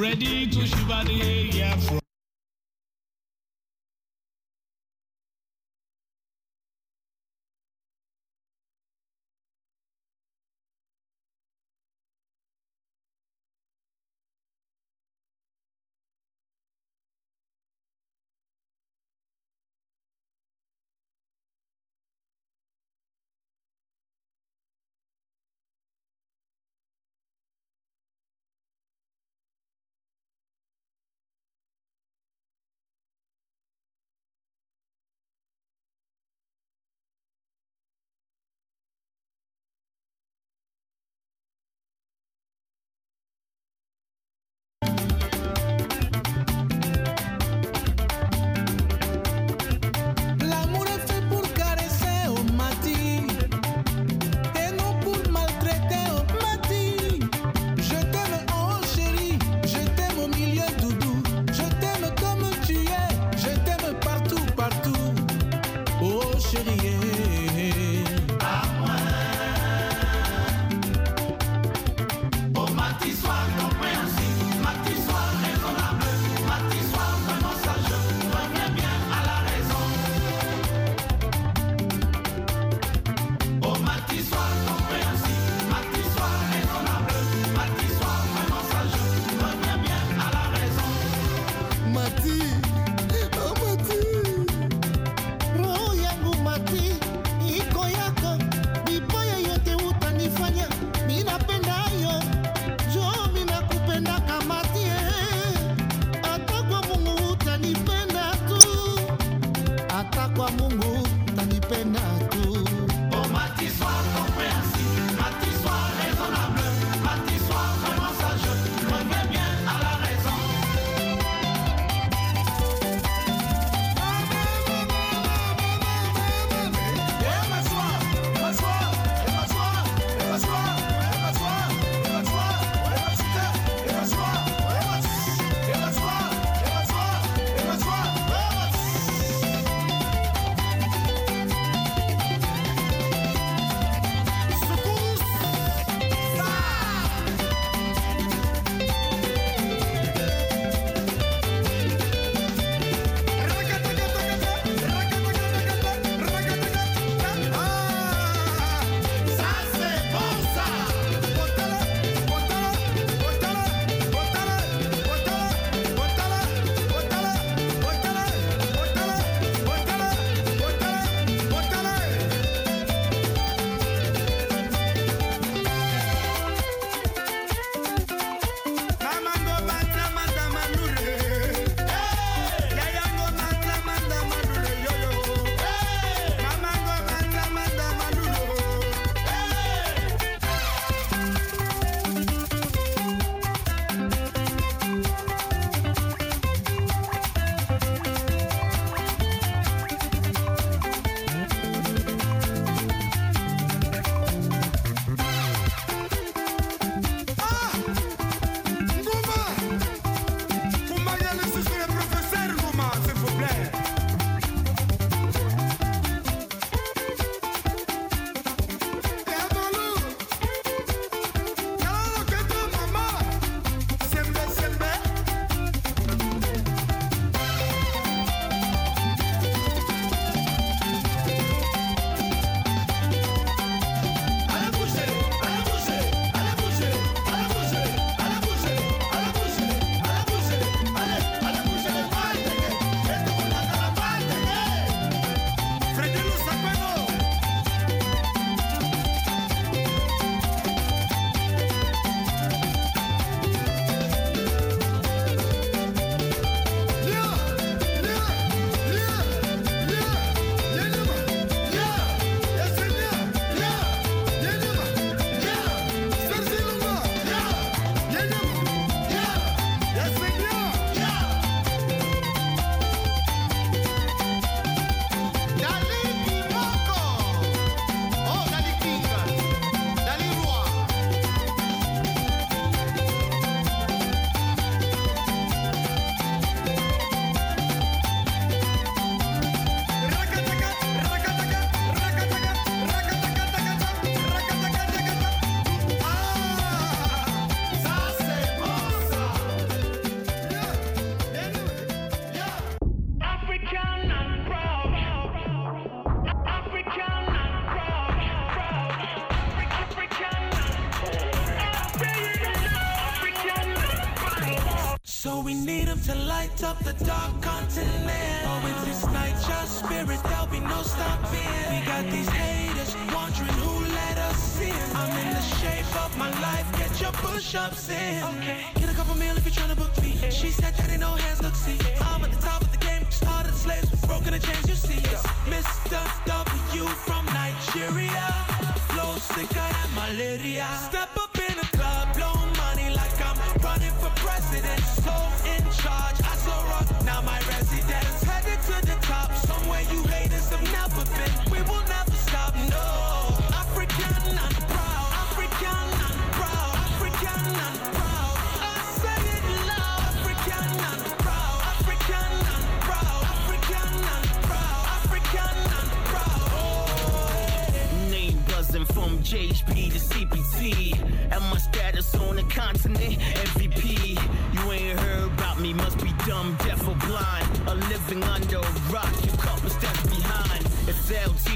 ready to shiver the air from you from Nigeria. Flow sicker than malaria. Step up in the club, blow money like I'm running for president. So in charge, I saw rock, now my residence. Headed to the top, somewhere you haters have never been. We will never stop, no. JHP to CPT. And my status on the continent, MVP.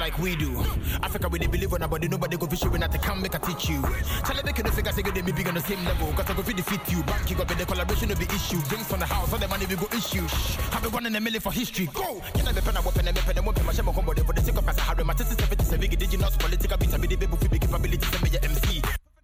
like we do. Africa, we they believe on nobody, nobody go fish when I can make I teach you. Tell they can figure say they be on the same level. Cause I go feed defeat you. Back you got the collaboration will be issue. Drinks from the house, all the money we go issue. Shh. Have it one in a million for history. Go! Can I be pen a weapon and weapon and weapon my shame on combo for the sake of my Sahara? My test is 77 you know? political beats. I be the baby with big capabilities and be your MC.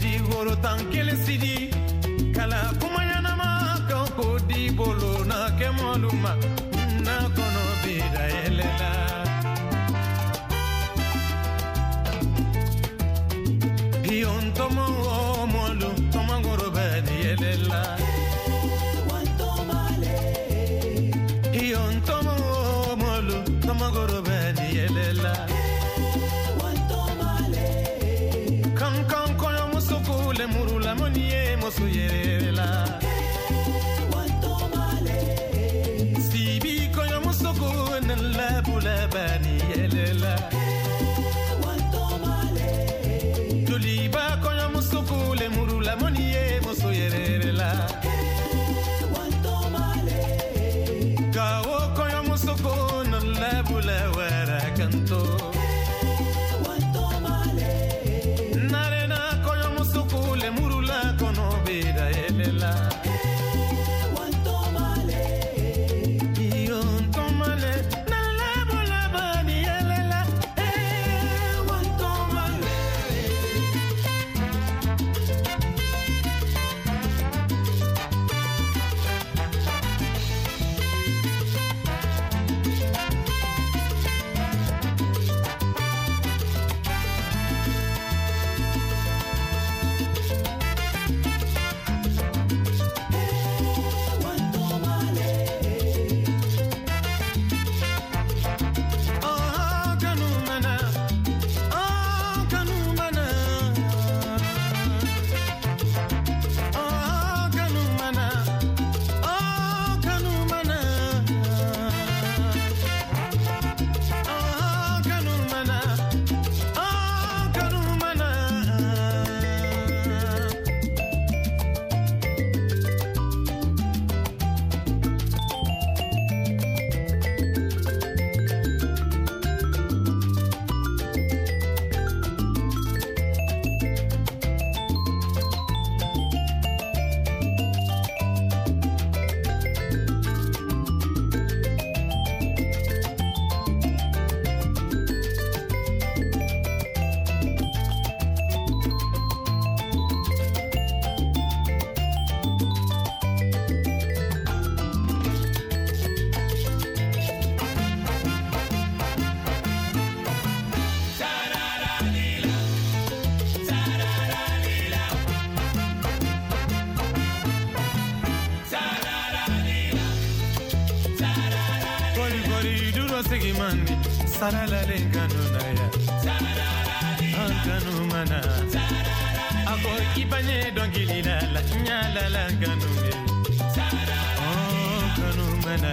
city, go to Tankele city. saralale ngano na ya angano mana akoki panye dongili lala nyala ngano me oh ngano mana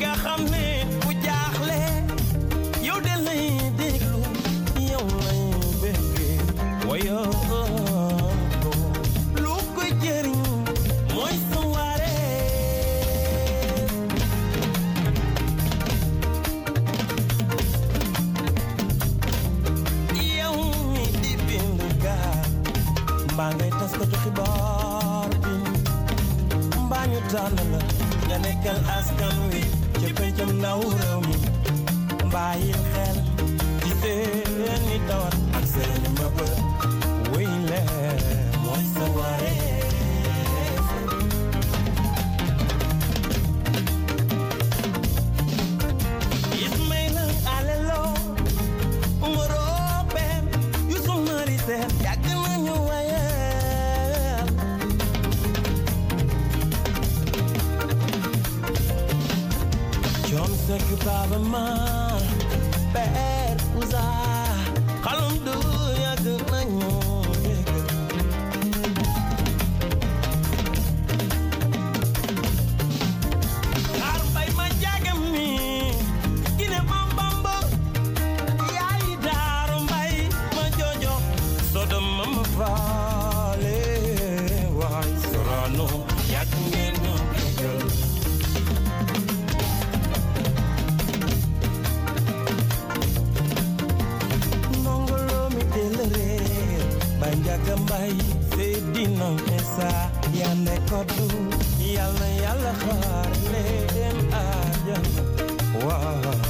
nga xam ne Sanki babama, bad uzah, kalum faddu yàlla yàlla xaar leen àjjana waaw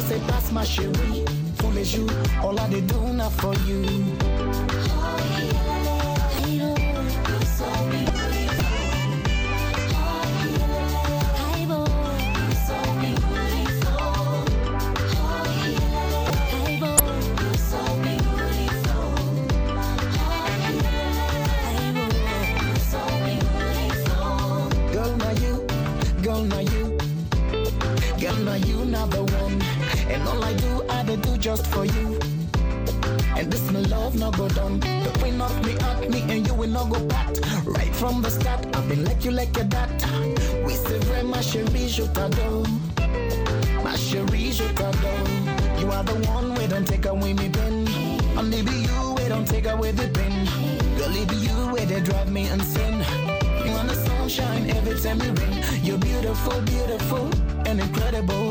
just say that's my chérie. Tous les jours, all I do now for you. And all I do, I dey do just for you. And this my love no go down. The queen of me up, me and you will not go back. Right from the start, I've been like you like a dat. We say vrai, ma chérie, je t'adore. My chérie, je t'adore. You are the one we don't take away me pen. Only be you we don't take away the pen. Girl, it be you where they drive me insane. You want the sunshine every time you rain. You're beautiful, beautiful, and incredible.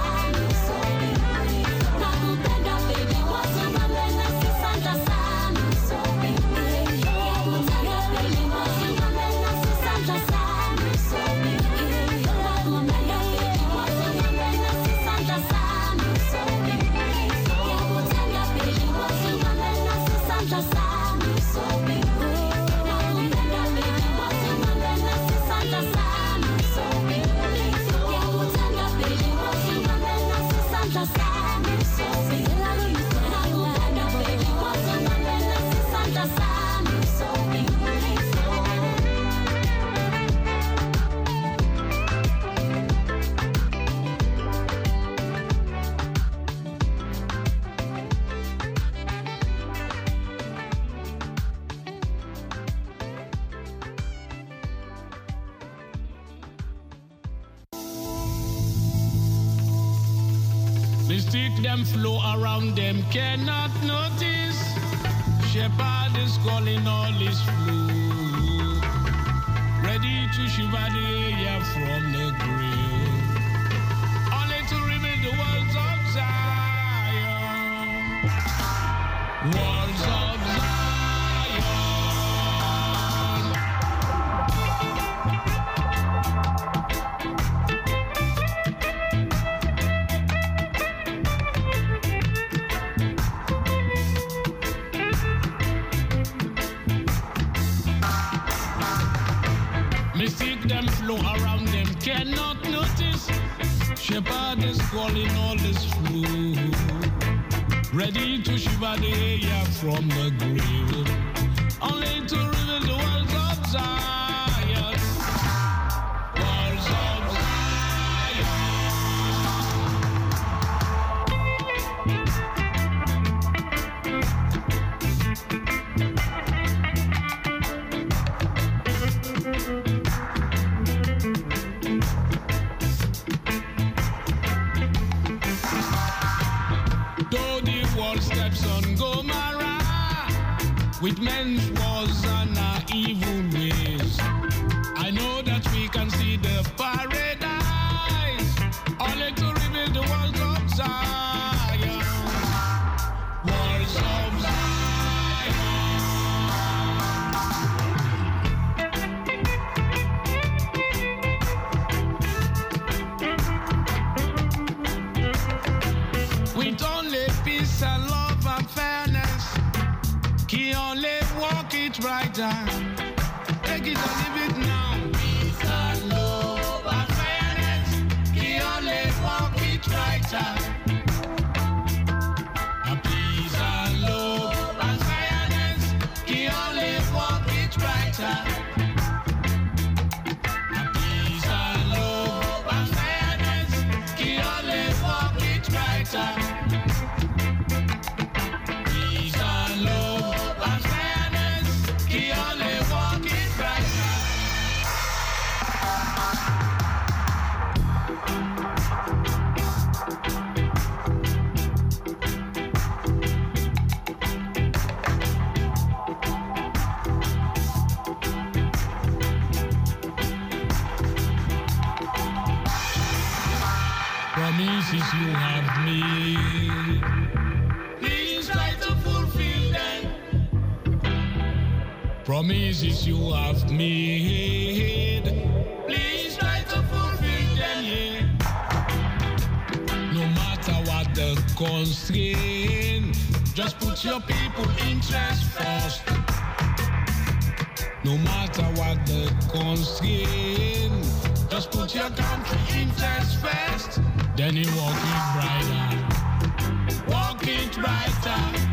cannot notice. Shepherd is calling on. with men was uh, promises you have made. Please try to fulfill them, No matter what the constraint, just put your people interest first. No matter what the constraint, just put your country interest first. Then you walk it brighter, walk it brighter.